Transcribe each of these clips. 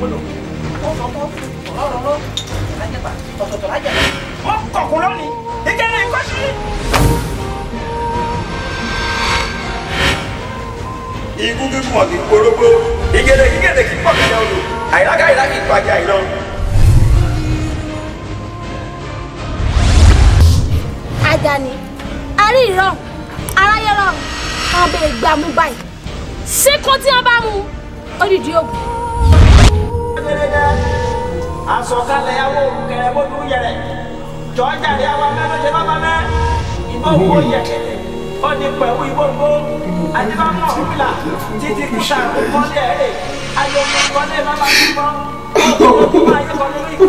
àgbọ̀lọ̀ wọ́n sọ fún ọ̀rọ̀ lọ lájẹ̀bà ọ̀sọ̀tọ̀ lájẹ̀bà wọ́n kọ̀kùn lónìí ìjẹ́lẹ̀ ìkọ́sí. Igún gígùn ọ̀gì porógbó, ìgèdè ìgèdè kì í pọ̀ kẹ̀kẹ́ odò, àìlága àìlága ìpàgẹ́ àìlọ. Àjàní, arí ìrọ̀, aráyé rọ̀, ọbẹ̀ ìgbàmú báyìí. Ṣé kó tí wọ́n bá oh awo kẹlẹ̀ bó dùn yẹrẹ jọ̀ọ́jàre awa mẹ́rin ṣe bá bá mẹ́ ìbọn wo yẹ̀kẹ̀lẹ̀ ọ̀nì pẹ̀lú ìbòǹbò àdìbámọ̀ rúbìlà títí kúta kọ́lé ẹ̀rẹ́ ayọ̀mí kọ́lé bàbá mímọ́ ọ̀gbọ̀n tó máa yẹ kọ́lé rí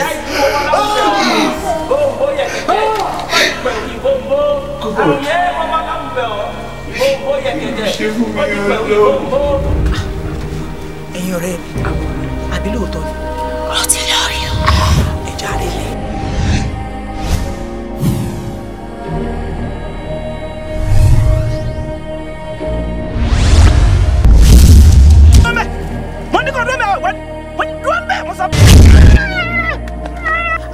yá ìdúró wọn lọ́wọ́ sẹ́wọ̀n òǹbò yẹ̀kẹ̀kẹ̀ ọ̀nì pẹ̀lú ìbòǹbò àrùn yẹ́ wọn bá lọ́wọ́ bẹ̀ ọ́ ìbòǹbò yẹ̀kẹ̀kẹ̀ ọ̀nì pẹ̀lú ìbòǹbò ẹ̀yin ọ̀rẹ́ àwọn àbí lóòótọ́ ni. ó ti lọ rí o. ẹja rẹ lẹ.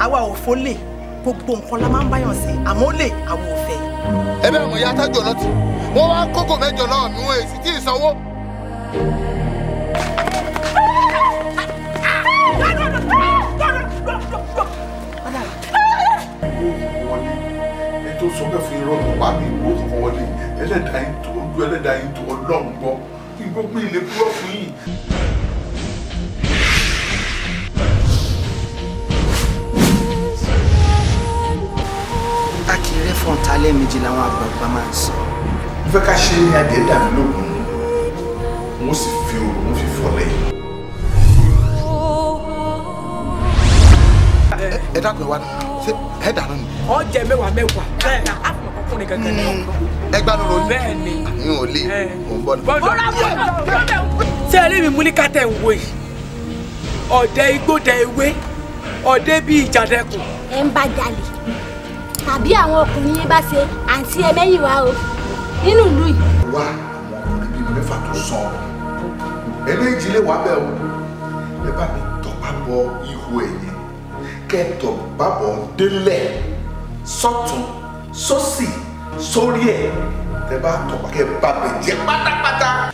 àwa ò fọ́ lè gbogbo nǹkan la máa ń báyàn sí àmọ́ ó lè àwọn ò fẹ́. ẹ bẹ́ẹ̀ mọ̀ ya tájọ́ lọ́tì wọ́n wá kókò mẹ́jọ náà nù èsì tí ì sanwó. sọ bẹ́ẹ̀ fún irọ́ mi wá mi ìwé kankan wọlé ẹlẹ́dàá yín tó ojú ẹlẹ́dàá yín tó ọlọ́run gbọ́ ìgbókùn mi lè fún yìí. akiri fọ̀ǹta lẹ́ẹ̀mejì làwọn àgbààgbà máa ń sọ. mo ká ṣe ní adé dàbí lóògùn mo sì fi òòrùn fi fọ̀ lẹ́yìn. ẹ dàgbẹ́ wa ṣe ẹ dànù ni. ọjẹ mẹwàá mẹwàá bẹ́ẹ̀ na a kò kọkùnrin kankan ní ọkọ. ẹ gbádùn lórí bẹ́ẹ̀ ni àmì ò lè mò ń bọ̀ ní. bọ́lá wọ ẹni mi mú ní kátà ìwé ọ̀dẹ igbódẹ ewé ọ̀dẹ bíi ìjàdẹkùn. ẹ ń bá jalè tàbí àwọn ọkùnrin yẹn bá ṣe àǹtí ẹ mẹ́yìn wá o nínú ìlú yìí. wá àwọn ọkùnrin bíi mẹ́fà tó sọ ẹ méjì lè wá bẹ́ẹ̀ o ẹ bá mi tọ́pá bọ ihò ẹ̀yìn kẹ́tọ̀ bábọ̀ ń délẹ̀ sọ́tún sósì sórí ẹ̀ tẹ́ bá tọ̀ bá kẹ́ bá pátápátá.